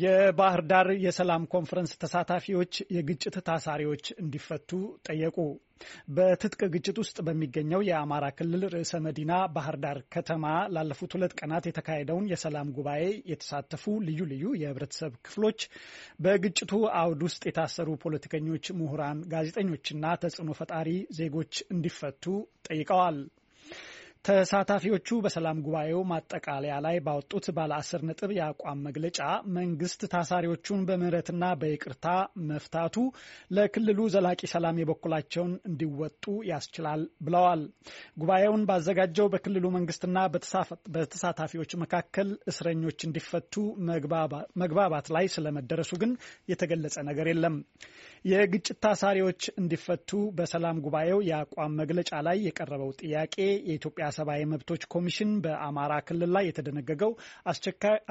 የባህር ዳር የሰላም ኮንፈረንስ ተሳታፊዎች የግጭት ታሳሪዎች እንዲፈቱ ጠየቁ። በትጥቅ ግጭት ውስጥ በሚገኘው የአማራ ክልል ርዕሰ መዲና ባህር ዳር ከተማ ላለፉት ሁለት ቀናት የተካሄደውን የሰላም ጉባኤ የተሳተፉ ልዩ ልዩ የህብረተሰብ ክፍሎች በግጭቱ አውድ ውስጥ የታሰሩ ፖለቲከኞች፣ ምሁራን፣ ጋዜጠኞችና ተጽዕኖ ፈጣሪ ዜጎች እንዲፈቱ ጠይቀዋል። ተሳታፊዎቹ በሰላም ጉባኤው ማጠቃለያ ላይ ባወጡት ባለ አስር ነጥብ የአቋም መግለጫ መንግስት ታሳሪዎቹን በምህረትና በይቅርታ መፍታቱ ለክልሉ ዘላቂ ሰላም የበኩላቸውን እንዲወጡ ያስችላል ብለዋል። ጉባኤውን ባዘጋጀው በክልሉ መንግስትና በተሳታፊዎች መካከል እስረኞች እንዲፈቱ መግባባት ላይ ስለመደረሱ ግን የተገለጸ ነገር የለም። የግጭት ታሳሪዎች እንዲፈቱ በሰላም ጉባኤው የአቋም መግለጫ ላይ የቀረበው ጥያቄ የኢትዮጵያ ሰብአዊ መብቶች ኮሚሽን በአማራ ክልል ላይ የተደነገገው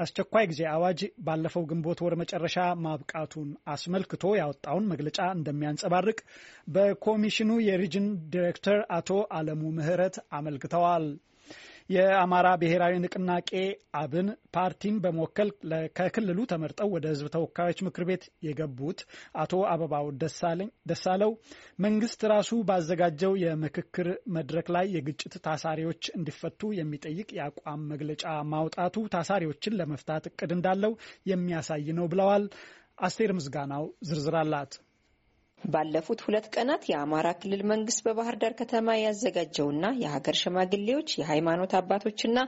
አስቸኳይ ጊዜ አዋጅ ባለፈው ግንቦት ወር መጨረሻ ማብቃቱን አስመልክቶ ያወጣውን መግለጫ እንደሚያንጸባርቅ በኮሚሽኑ የሪጅን ዲሬክተር አቶ አለሙ ምህረት አመልክተዋል። የአማራ ብሔራዊ ንቅናቄ አብን ፓርቲን በመወከል ከክልሉ ተመርጠው ወደ ህዝብ ተወካዮች ምክር ቤት የገቡት አቶ አበባው ደሳለው መንግስት ራሱ ባዘጋጀው የምክክር መድረክ ላይ የግጭት ታሳሪዎች እንዲፈቱ የሚጠይቅ የአቋም መግለጫ ማውጣቱ ታሳሪዎችን ለመፍታት እቅድ እንዳለው የሚያሳይ ነው ብለዋል። አስቴር ምስጋናው ዝርዝር አላት። ባለፉት ሁለት ቀናት የአማራ ክልል መንግስት በባህር ዳር ከተማ ያዘጋጀውና የሀገር ሽማግሌዎች፣ የሃይማኖት አባቶችና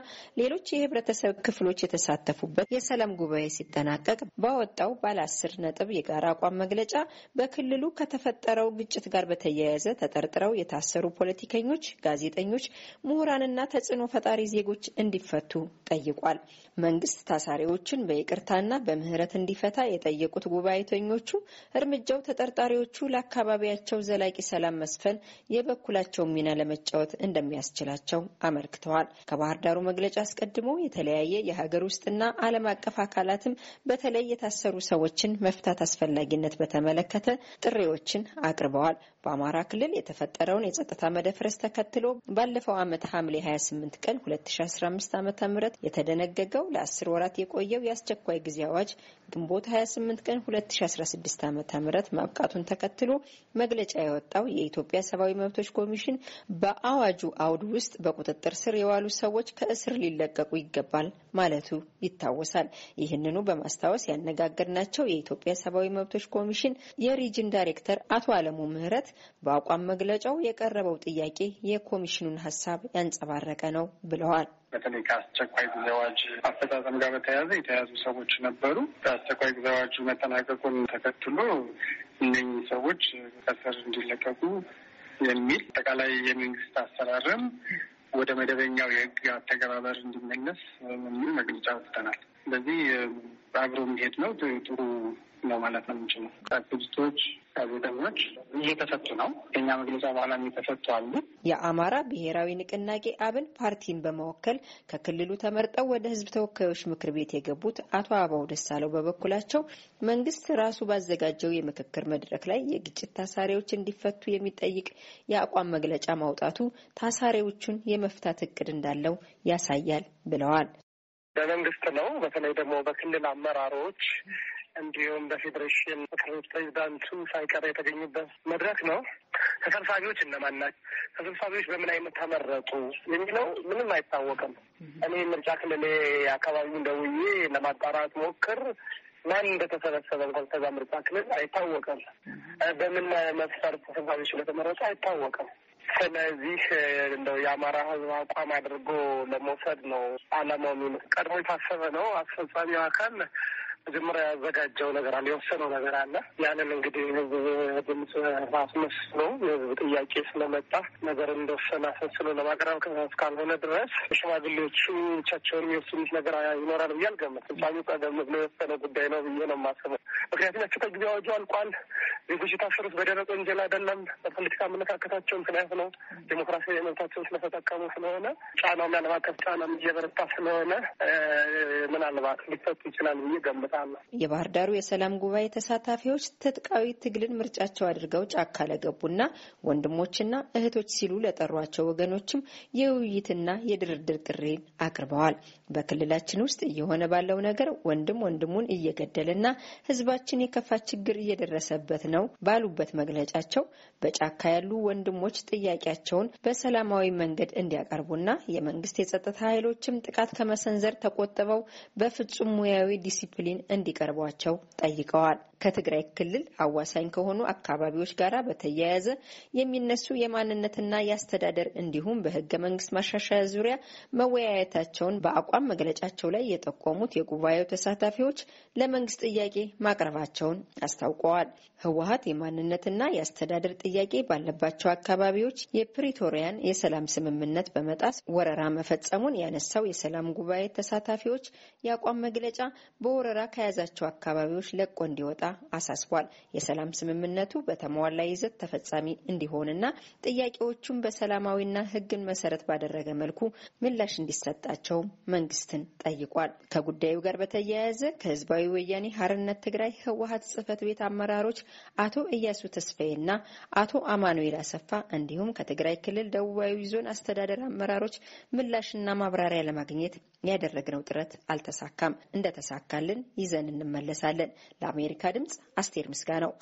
ሌሎች የህብረተሰብ ክፍሎች የተሳተፉበት የሰላም ጉባኤ ሲጠናቀቅ ባወጣው ባለ አስር ነጥብ የጋራ አቋም መግለጫ በክልሉ ከተፈጠረው ግጭት ጋር በተያያዘ ተጠርጥረው የታሰሩ ፖለቲከኞች፣ ጋዜጠኞች፣ ምሁራንና ተጽዕኖ ፈጣሪ ዜጎች እንዲፈቱ ጠይቋል። መንግስት ታሳሪዎችን በይቅርታና በምህረት እንዲፈታ የጠየቁት ጉባኤተኞቹ እርምጃው ተጠርጣሪዎቹ ለአካባቢያቸው ዘላቂ ሰላም መስፈን የበኩላቸውን ሚና ለመጫወት እንደሚያስችላቸው አመልክተዋል። ከባህር ዳሩ መግለጫ አስቀድሞ የተለያየ የሀገር ውስጥና ዓለም አቀፍ አካላትም በተለይ የታሰሩ ሰዎችን መፍታት አስፈላጊነት በተመለከተ ጥሪዎችን አቅርበዋል። በአማራ ክልል የተፈጠረውን የጸጥታ መደፍረስ ተከትሎ ባለፈው ዓመት ሐምሌ 28 ቀን 2015 ዓ.ም የተደነገገው ለ10 ወራት የቆየው የአስቸኳይ ጊዜ አዋጅ ግንቦት 28 ቀን 2016 ዓ.ም ማብቃቱን ተከትሎ ተከትሎ መግለጫ ያወጣው የኢትዮጵያ ሰብአዊ መብቶች ኮሚሽን በአዋጁ አውድ ውስጥ በቁጥጥር ስር የዋሉ ሰዎች ከእስር ሊለቀቁ ይገባል ማለቱ ይታወሳል። ይህንኑ በማስታወስ ያነጋገርናቸው የኢትዮጵያ ሰብአዊ መብቶች ኮሚሽን የሪጅን ዳይሬክተር አቶ አለሙ ምህረት በአቋም መግለጫው የቀረበው ጥያቄ የኮሚሽኑን ሀሳብ ያንጸባረቀ ነው ብለዋል። በተለይ ከአስቸኳይ ጊዜ አዋጅ አፈጻጸም ጋር በተያያዘ የተያዙ ሰዎች ነበሩ። በአስቸኳይ ጊዜ አዋጁ መጠናቀቁን ተከትሎ እነኝህ ሰዎች ከእስር እንዲለቀቁ የሚል አጠቃላይ የመንግስት አሰራርም ወደ መደበኛው የህግ አተገባበር እንዲመለስ የሚል መግለጫ ወጥተናል። ስለዚህ አብሮ የሚሄድ ነው፣ ጥሩ ነው ማለት ነው የምንችለው አክቲቪስቶች ጋዜጠኞች እየተፈቱ ነው። ከኛ መግለጫ በኋላ የተፈቱ አሉ። የአማራ ብሔራዊ ንቅናቄ አብን ፓርቲን በመወከል ከክልሉ ተመርጠው ወደ ህዝብ ተወካዮች ምክር ቤት የገቡት አቶ አበባው ደሳለው በበኩላቸው መንግስት ራሱ ባዘጋጀው የምክክር መድረክ ላይ የግጭት ታሳሪዎች እንዲፈቱ የሚጠይቅ የአቋም መግለጫ ማውጣቱ ታሳሪዎቹን የመፍታት እቅድ እንዳለው ያሳያል ብለዋል። በመንግስት ነው። በተለይ ደግሞ በክልል አመራሮች እንዲሁም በፌዴሬሽን ምክር ቤት ፕሬዚዳንቱ ሳይቀር የተገኙበት መድረክ ነው። ተሰብሳቢዎች እነማን ናቸው? ተሰብሳቢዎች በምን አይነት ተመረጡ የሚለው ምንም አይታወቅም። እኔ ምርጫ ክልል አካባቢ ደውዬ ለማጣራት ሞክር ማን እንደተሰበሰበ እንኳን ከዛ ምርጫ ክልል አይታወቅም። በምን መስፈርት ተሰብሳቢዎች እንደተመረጡ አይታወቅም። ስለዚህ እንደው የአማራ ህዝብ አቋም አድርጎ ለመውሰድ ነው አላማው የሚመስለው። ቀድሞ የታሰበ ነው። አስፈጻሚው አካል መጀመሪያ ያዘጋጀው ነገር አለ፣ የወሰነው ነገር አለ። ያንን እንግዲህ ህዝብ ድምፅ አስመስሎ የህዝብ ጥያቄ ስለመጣ ነገር እንደወሰነ አስመስሎ ለማቅረብ እስካልሆነ ድረስ ሽማግሌዎቹ ብቻቸውን የሚወስኑት ነገር ይኖራል ብዬ አልገምትም። ጻሚ ቀደም ብሎ የወሰነ ጉዳይ ነው ብዬ ነው የማስበው። ምክንያቱም ያቸው ከጊዜ አዋጁ አልቋል። ዜጎች የታሰሩት በደረቅ ወንጀል አይደለም፣ በፖለቲካ አመለካከታቸውም ስላይሆነ ዴሞክራሲያዊ መብታቸውን ስለተጠቀሙ ስለሆነ ጫናው ዓለም አቀፍ ጫናም እየበረታ ስለሆነ ምናልባት ሊፈቱ ይችላል ብዬ ገምታለሁ። የባህር ዳሩ የሰላም ጉባኤ ተሳታፊዎች ትጥቃዊ ትግልን ምርጫቸው አድርገው ጫካ ለገቡና ወንድሞችና እህቶች ሲሉ ለጠሯቸው ወገኖችም የውይይትና የድርድር ጥሪን አቅርበዋል። በክልላችን ውስጥ እየሆነ ባለው ነገር ወንድም ወንድሙን እየገደለና ህዝባችን የከፋ ችግር እየደረሰበት ነው ነው ባሉበት መግለጫቸው በጫካ ያሉ ወንድሞች ጥያቄያቸውን በሰላማዊ መንገድ እንዲያቀርቡና የመንግስት የጸጥታ ኃይሎችም ጥቃት ከመሰንዘር ተቆጥበው በፍጹም ሙያዊ ዲሲፕሊን እንዲቀርቧቸው ጠይቀዋል። ከትግራይ ክልል አዋሳኝ ከሆኑ አካባቢዎች ጋር በተያያዘ የሚነሱ የማንነትና የአስተዳደር እንዲሁም በህገ መንግስት ማሻሻያ ዙሪያ መወያየታቸውን በአቋም መግለጫቸው ላይ የጠቆሙት የጉባኤው ተሳታፊዎች ለመንግስት ጥያቄ ማቅረባቸውን አስታውቀዋል። ህወሀት የማንነትና የአስተዳደር ጥያቄ ባለባቸው አካባቢዎች የፕሪቶሪያን የሰላም ስምምነት በመጣስ ወረራ መፈጸሙን ያነሳው የሰላም ጉባኤ ተሳታፊዎች የአቋም መግለጫ በወረራ ከያዛቸው አካባቢዎች ለቆ እንዲወጣ አሳስቧል። የሰላም ስምምነቱ በተሟላ ይዘት ተፈጻሚ እንዲሆንና ጥያቄዎቹን በሰላማዊና ሕግን መሰረት ባደረገ መልኩ ምላሽ እንዲሰጣቸው መንግስትን ጠይቋል። ከጉዳዩ ጋር በተያያዘ ከህዝባዊ ወያኔ ሀርነት ትግራይ ህወሀት ጽህፈት ቤት አመራሮች አቶ እያሱ ተስፋዬና አቶ አማኑኤል አሰፋ እንዲሁም ከትግራይ ክልል ደቡባዊ ዞን አስተዳደር አመራሮች ምላሽና ማብራሪያ ለማግኘት ያደረግነው ጥረት አልተሳካም። እንደተሳካልን ይዘን እንመለሳለን። ለአሜሪካ ድምፅ አስቴር ምስጋናው